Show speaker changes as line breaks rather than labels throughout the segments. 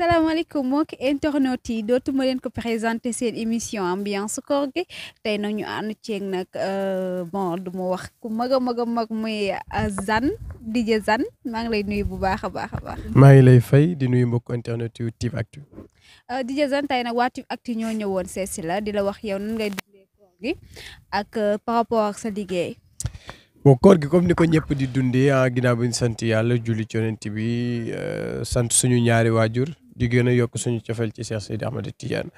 asalaamaaleykum mbokki internautes yi dootuma leen ko présenté seen émission ambiance koor tey nag ñu ànd ceeg nag euh, bon du ma wax ku mag a mag a mag muy euh, Zane DJ Zane maa ngi lay nuyu bu baax a baax baax.
maa ngi lay fay di nuyu mbokk internet yu Tivactu.
Euh, DJ Zane tey nag waa Tivactu ñoo ñëwoon sees se sila di la wax yow nan ngay dundee koor gi ak par rapport ak sa liggéey.
bon koor gi comme ni ko ñëpp di dundee ah ginnaaw bi ñu sant yàlla julli ci yonent bi sant suñu ñaari waajur di gën a yokk suñu cofeel ci Cheikh Seydi Ahmed Tidiane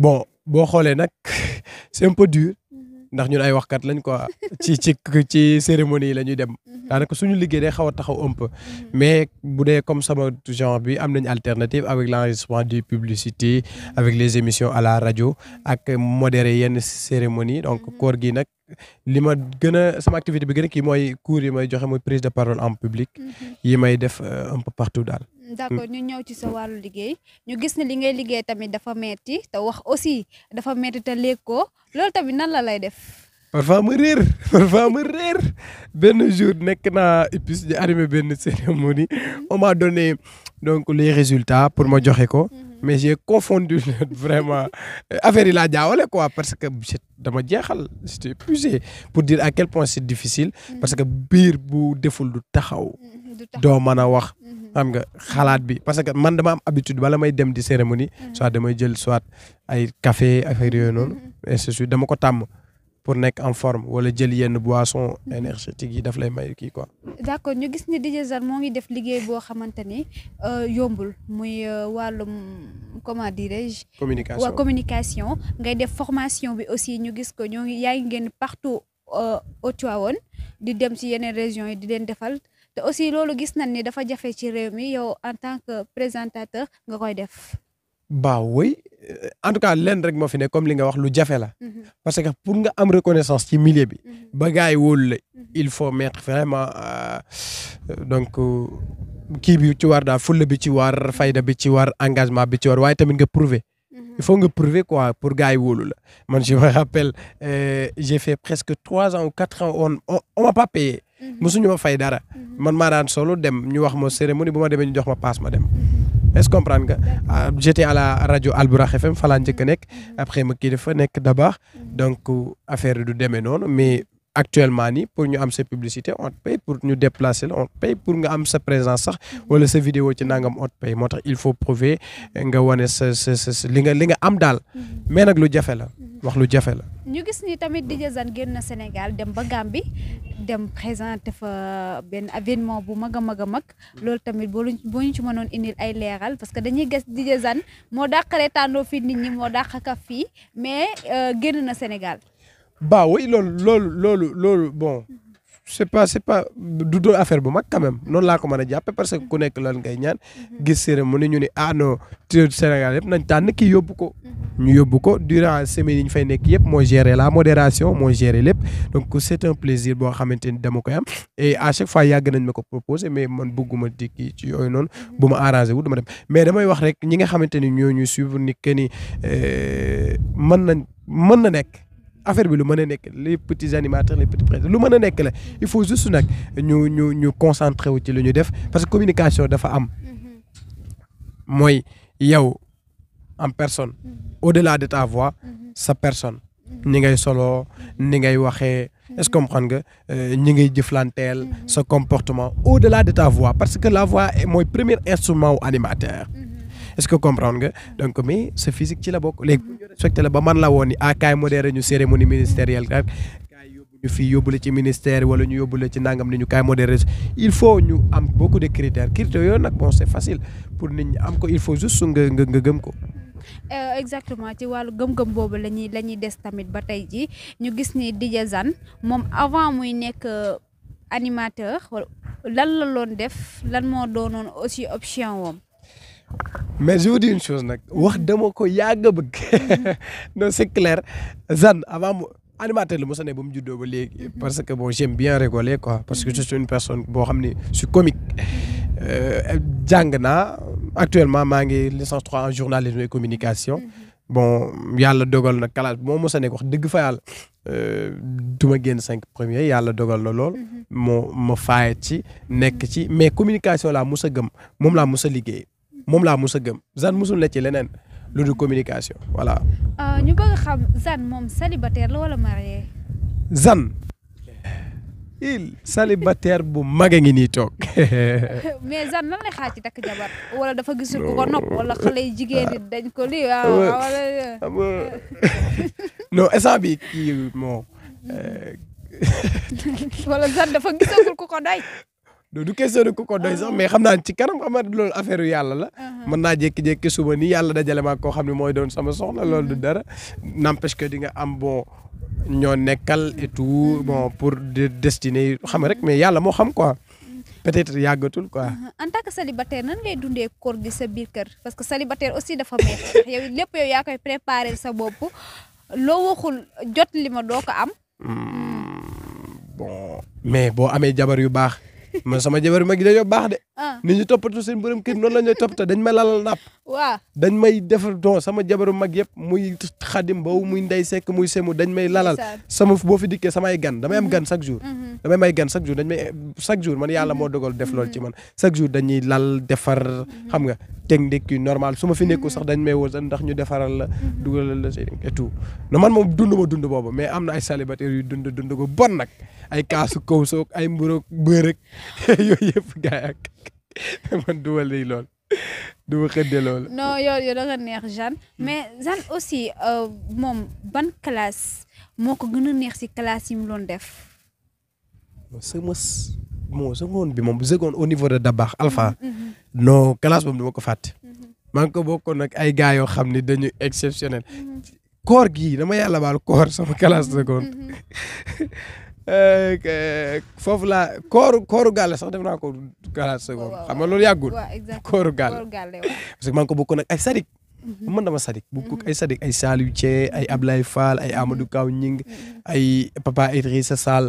bon boo xoolee nag c'est un peu dur mhm. ndax ñun ay waxkat lañ quoi ci ci ci cérémonie yi la ñuy dem mhm. daanaka suñu liggéey day xaw a taxaw un peu mhm. mais bu dee comme sama genre bi am nañ alternative avec l'enregistrement des publicités avec les émissions à la radio ak modérer yenn cérémonie donc koor gi nag li ma gën a sama activité bi gën a kii mooy cours yi may joxe mooy prise de parole en public yi may def euh, un peu partout daal d'accord
ñu ñëw ci sa wàllu liggéey ñu gis ni li ngay liggéey tamit dafa metti ta wax aussi dafa metti te léeg ko loolu tamit nan la lay def.
parfois ma réer parfois ma réer benn jour nekk naa épice di animé benn cérémonie on m'a donc les résultats pour ma joxe ko. Mhm. mais j'ai confondu vraiment affaire yi laa jaawale ko parce que dama jeexal j'étais épuisé pour dire à quel point c'est difficile. Mhm. parce que biir bu deful du taxaw. Mhm, doo mën a wax. xam nga xalaat bi parce que man dama am habitude bala may dem di cérémonie mm. soit damay jël soit ay café affaire yooyu noonu mm-hmm. et dama ko tàmm pour nekk en forme wala jël yenn boisson mm-hmm. énergétique yi daf lay may kii quoi.
d'accord ñu gis ni di Zar moo ngi def liggéey boo xamante ni euh, yombul muy euh, wàllum comment dirais-je. communication communication ngay def formation bi aussi ñu gis ko ñoo ngi yaa ngi génn partout euh, au di dem ci yeneen régions yi di leen defal. te aussi loolu gis nañ ni dafa jafe ci réew mi yow en tant que présentateur nga koy def.
baaw woy euh, en tout cas lenn rek moo fi ne comme li nga wax lu jafe la. Mhm. parce que pour nga am reconnaissance ci milieu bi. Mhm. ba gars yi la mhm. il faut mettre vraiment euh, donc euh, kii bi ci war daal fulla bi ci war fayda bi ci war engagement bi ci war waaye tamit nga prouver. il faut nga prouver quoi pour gars yi la man je me rappelle euh, fait presque trois ans ou quatre ans on m'a pas mosuñu mm-hmm. ma fay dara mm-hmm. man maa daan solo dem ñu wax ma cérémonie bu ma demee ñu jox ma paas ma dem mm-hmm. est-ce comprendre nga ah, j'étais à la rajo Alburax FM fa laa njëkk a nekk après ma kii dafa nekk da baax donc affaire du demee noonu mais actuellement nii pour ñu am sa publicité on te pour ñu déplacer la on te pour nga am sa présence sax wala sa vidéo ci nangam on te moo tax il faut prouver nga wane sa sa sa li nga li nga am daal mhm. mais nag lu jafe la mhm. wax lu jafe la.
ñu gis ni tamit DJ Zane génn na Sénégal dem ba Gambie dem présenté fa benn événement bu mag a mag a mag loolu tamit boo boo ñu ci mënoon indil ay leeral parce que dañuy gis DJ Zane moo dàq reetaandoo fii ni ñi moo dàq kaf fii mais euh, génn na Sénégal.
baa way loolu loolu loolu loolu bon c'est pas c'est pas du doon affaire bu mag quand même noonu laa ko mën a jàppe parce que ku nekk loolu ngay ñaan mhm. gis cérémonie ñu ne ah non Sénégal yëpp nañ tànn kii yóbbu ko mhm. ñu yóbbu ko durant semaine yi ñu fay nekk yëpp moo gérer la modération moo gérer lépp donc c'est un plaisir boo xamante ni dama koy am et à chaque fois yàgg nañ ma ko proposer mais man bëgguma di kii ci yooyu noonu mhm. bu ma arrangé wu dama dem mais damay wax rek ñi nga xamante ni ñoo ñu suivre ni que ni euh, mën nañ mën na nekk affaire bi lu mën a nekk les petits animateurs les petits présidents lu mën a nekk le il faut juste nag ñu ñu ñu concentré wu ci lu ñu def parce que communication dafa am mm-hmm. mooy yow en personne mm-hmm. au-delà de ta voix mm-hmm. sa personne ni ngay soloo ni ngay waxee est-ce que comprendre nga euh, ñi ngay jëflanteel sa comportement au-delà de ta voix parce que la voix mooy premier instrument wu animateur est-ce que comprendre nga donc mais sa physique ci la bokk léegi bu ñu respecté la ba man la woon ni ah kaay modéré ñu cérémonie ministérielle rek kaay yóbbu ñu fii yóbbu la ci ministère wala ñu yóbbu la ci nangam ni ñu kaay modéré il faut ñu am beaucoup de critères critères yooyu nag bon c'est facile pour nit ñi am ko il faut juste nga nga nga gëm ko.
Euh, exactement ci wàllu gëm-gëm boobu la ñuy la des tamit ba tey ji ñu gis ni Didier Zane moom avant muy nekk euh, animateur lan la loon def lan moo doonoon aussi option woom
mais je vous dis une chose nag wax dama ko yàgg a bëgg non c' est clair Zane mu animateur la mosa ne ba mu juddoo ba léegi parce que bon j'aime bien rigoler quoi parce que je suis une personne boo xam si je suis comique euh, jàng naa actuellement maa ngi licence 3 en journalisme et communication mm-hmm. bon yàlla dogal na kalaas bi moo mosa nekk wax dëgg fa yàlla euh, du ma génn cinq premiers yàlla dogal na lool mm-hmm. moo ma faay ci nekk ci mais communication la mos gëm moom laa mos liggéey moom laa mus a gëm Zane musul ci leneen lu dul communication voilà.
Euh, ñu bëgg xam Zane moom célibataire la wala marié.
Zane. il célibataire bu mag a ngi nii toog.
mais Zane nan lay xaar ci jabar wala dafa gisul ku ko nopp wala xale yu dañ ko lii waaw
bi kii moo. Euh,
wala Zane dafa gisagul ku ko doy.
du question de ku ko doy sax ah. mais xam naa ci kanam xam loolu affaire yu la. Ah. mën naa jékki-jékki suba ni yàlla dajale ma koo xam ne mooy doon sama soxla loolu du mm-hmm. dara n'empêche que di nga am bon ñoo nekkal et tout mm-hmm. bon pour des destinées xam rek mais yàlla moo xam quoi. Mm-hmm. peut-être yàggatul quoi. Uh-huh. en
tant que célibataire nan ngay dundee koor gi sa biir kër parce que célibataire aussi dafa metti ndax lépp yaa koy préparer sa bopp loo waxul jot li ma doo ko am.
Mm, bon mais boo amee jabar yu baax. man sama jabar ma gi dañoo baax de. Ah. ni ñu toppatoo seen borom kër noonu la ñuy toppatoo dañ ma lalal napp. waaw dañ may defar don sama jabaru mag yëpp muy xadim boobu muy ndey sekk muy semu dañ may lalal. sama boo fi dikkee samay gan damay am mhm. gan chaque jour. Mhm. damay may gan chaque jour dañ chaque jour man yàlla moo mhm. dogal def loolu ci man chaque jour dañuy lal defar xam nga technique yu normal su ma fi nekkul sax dañ may woo sax ndax ñu defaral la dugalal la et tout non man moom dund ma dund boobu mais am na ay célibataire yu dund dund ko bon nag ay kaasu kaw ay mburoog bërëg man duma lay lool duma xëdde lool.
non yow yow da neex Jeanne mais Jeanne aussi euh, moom ban classe moo ko gën a neex si kalaas yi mu doon def.
sama moo seconde bi moom seconde au niveau de Dabax Alpha. Mm-hmm, mm-hmm. non classe boobu duma ko fàtte. Mm-hmm. maa ngi ko bokkoon nag ay gars yoo xam ne dañu exceptionnel. koor gii dama yàlla baal koor sama classe seconde. Euh, foofu la kooru kooru gàlle sax def naa ko galaas sa bopp xam nga loolu yàggul. kooru gàlle parce que maa ngi ko bokkoon ak ay sadik. man mhm. dama sadik bokk ay mhm. sadik ay Saliou Thie ay mhm. Ablaye Fall ay Amadou Kaw Ñing ay Papa Idrissa Sall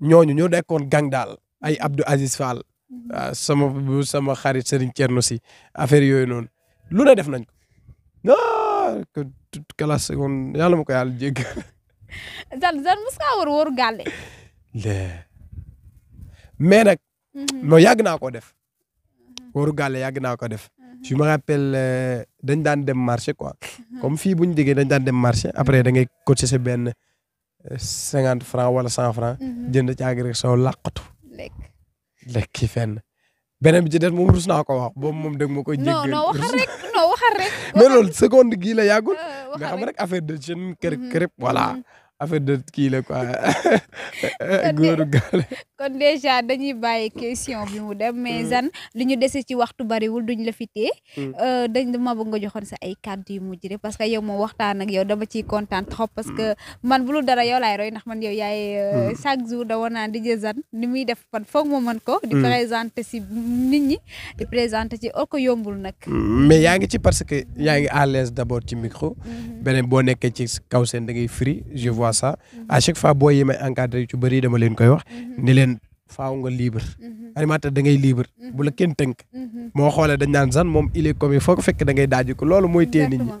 ñooñu ñoo nekkoon gang daal ay Abdou Aziz Fall. Ah, sama sama xarit Serigne Thierno si affaire yooyu noonu lu def nañ ko non ah, classe seconde yàlla ma ko yàlla
zal zal mos ngaa war waru gàlle.
mais nag. non mhm. yàgg naa ko def. Mhm. waru gàlle yàgg naa ko def. Mhm. je me rappelle euh, dañ daan dem marché quoi. comme fii bu ñu déggee dañ daan dem marché après da ngay cotiser sa benn euh, cinquante franc wala cent franc. jënd caagi rek soo làqatu. lekk lekk fenn beneen bi ci des moom rus naa ko wax boobu moom dëgg ma ko. jéggal waxal rek. mais loolu seconde gii la yàggul. mais euh, xam rek affaire de jeune kër mm-hmm. kër voilà. Mm-hmm. affaire de kii la quoi góoru gaal.
kon déjà dañuy bàyyi question bi mu dem. mais mm. zan li ñu dese ci waxtu bariwul duñ la fi tee. Mm. Euh, dañ ma bëgg nga joxoon sa ay kàddu yu mujj rek parce que yow moom waxtaan ak yow dama ciy kontaan trop parce que mm. man bu lu dara yow laay roy ndax man yow yaay. Euh, chaque jour da woon naa di jël ni muy def fan foog ma man ko. di présenter si nit ñi di présenter ci oo ko yombul nag.
mais yaa ngi ci parce que yaa ngi à l'aise d'abord ci micro. Mm-hmm. beneen boo nekkee ci kaw sa ça à chaque fois boo yi may encadré yu ci bëri dama leen koy wax mhm. ni leen faaw nga libre mhm. animateur da ngay libre mhm. bu la kenn tënk moo xoolee dañ naan zan moom il est comme foo ko fekk da ngay daaju ko loolu mooy téye nit ñi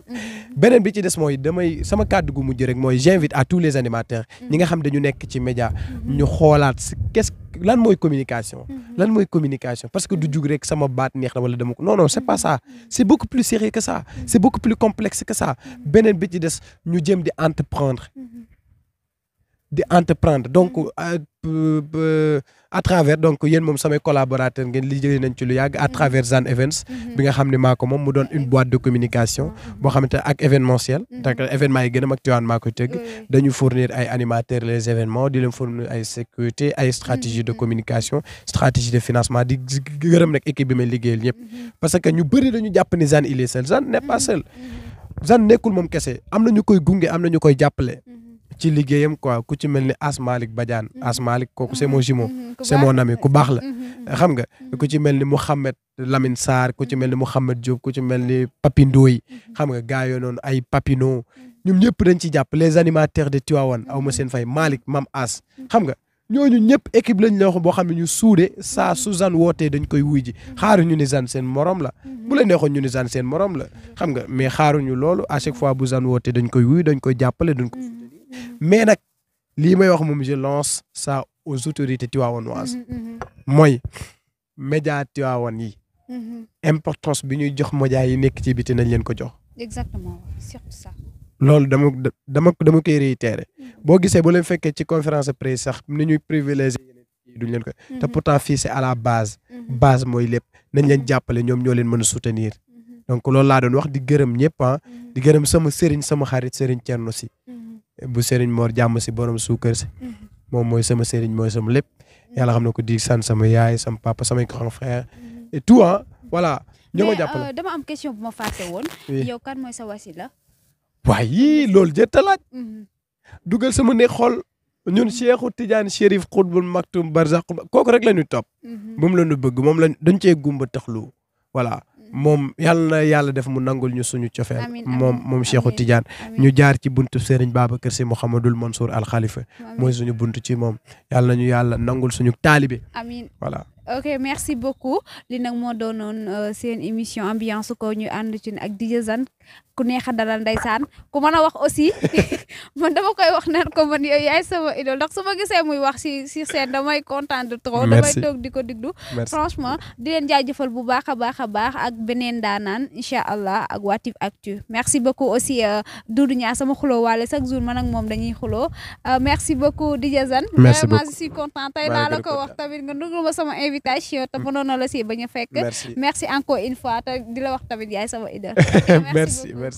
beneen bi ci des mooy damay sama kàddu gu mujj rek mooy j'invite à tous les animateurs ñi nga xam dañu nekk ci média ñu xoolaat si quest lan mooy communication lan mooy communication parce que du jug rek sama baat neex na wala dama ko non non c'est pas ça c'est beaucoup plus sérieux beneen bi ci des ñu jëm di entreprendre di entreprendre donc a euh, euh, travers donc yéen moom samay collaborateur ngeen li jëlee nañ ci lu yàgg à mm-hmm. travers Zan Events mm-hmm. bi nga xam ne maa moom mu doon une boîte de communication mm-hmm. boo xamante ne ak événementiel donc événement yi gën a mag Tivaouane maa koy tëgg dañu fournir ay animateurs les événements di leen fournir ay sécurité ay stratégie de communication stratégie de financement di gërëm rek équipe bi may ñëpp parce que ñu bëri dañu jàpp ne Zan il est seul Zan n'est pas moom kese am na ñu koy gunge am na ñu koy jàppale ci liggéeyam quoi ku ci mel ni Asmalik Badiane mm-hmm. Asmalik kooku c'est mon mm-hmm. jumeau mm-hmm. c'est mon ami ku baax la xam nga ku ci mel ni Mouhamed Lamine saar ku ci mel ni Mouhamed Diop ku ci mel ni Papindoy xam nga gars yoo noonu ay Papino ñoom ñëpp dañ ci jàpp les animateurs de Tivaouane aw ma seen fay Malick Mam As xam nga ñooñu ñëpp équipe lañ la wax boo xam ne ñu suude saa su wootee dañ koy wuy ji xaaru ñu ni Zane la bu la neexoon ñu morom la xam nga mais xaaruñu loolu à fois bu Zane wootee dañ koy wuy dañ koy jàppale dañ ko mais nag lii may wax moom je saa ça aux autorités tivaouanoises mm-hmm, mm-hmm. mooy média tivaouane yi mm-hmm. importance bi ñuy jox média yi nekk ci biti nañ leen ko jox
exactement surtout
loolu dama dama dama koy réitéré boo gisee bu leen fekkee ci conférence de presse sax ni ñuy privilégié duñ leen ko te pourtant fii c'est à la base base mooy lépp nañ leen jàppale ñoom ñoo leen mën a soutenir donc loolu laa doon wax di gërëm ñëpp ah di gërëm sama sëriñ sama xarit sëriñ Thierno si bu Serigne Mor jàmm si borom suukar si mhm. moom mooy sama Serigne mooy sama lépp mhm. yàlla xam ne ko di sant sama yaay sama papa samay grand frère mhm. et tout ah voilà. ñoo ma jàppale euh,
dama am question bu ma fàtte woon. yow kan mooy sa wasila.
waaye loolu jëtt laaj. dugal sama ne xol ñun Cheikhu Tidiane Chérif Xutbul Maktum Barzax kooku rek la ñu topp. moom la ñu bëgg moom lañ dañ cee gumba tax taxlu voilà. moom yàlla na yàlla def mu nangul ñu suñu cofeel moom moom Cheikhou Tidiane ñu jaar ci buntu Serigne Babacar Sy Mouhamadul Mansour Al Khalifa mooy suñu buntu ci moom yàlla na ñu yàlla nangul suñu taalibe voilà
ok merci beaucoup li nag moo doonoon euh, seen émission ambiance ko ñu ànd ci ak DJ Zane ku neex a dalal ndeysaan ku mën a wax aussi man dama koy wax naan ko man yow yaay sama idole ndax su ma gisee muy wax si si seen damay content de trop. damay toog di ko diglu franchement di leen jaajëfal bu baax a baax a baax ak beneen daanaan incha allah ak waa Tiv Actu merci beaucoup aussi euh, Doudou Niang sama xuloo waale chaque jour man ak moom dañuy xuloo euh, merci beaucoup DJ Zane. merci beaucoup invitation te mm. mënoon na la si bañ a fekk. merci merci encore une di la wax tamit yaay sama idole.